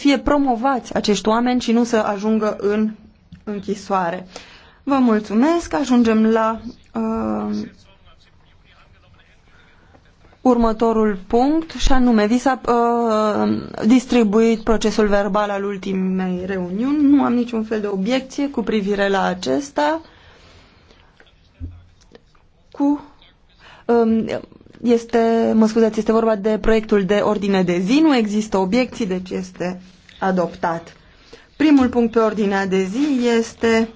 fie promovați acești oameni și nu să ajungă în închisoare. Vă mulțumesc, ajungem la uh, următorul punct și anume vi s-a uh, distribuit procesul verbal al ultimei reuniuni. Nu am niciun fel de obiecție cu privire la acesta. Cu um, este, mă scuzați, este vorba de proiectul de ordine de zi, nu există obiecții, deci este adoptat. Primul punct pe ordinea de zi este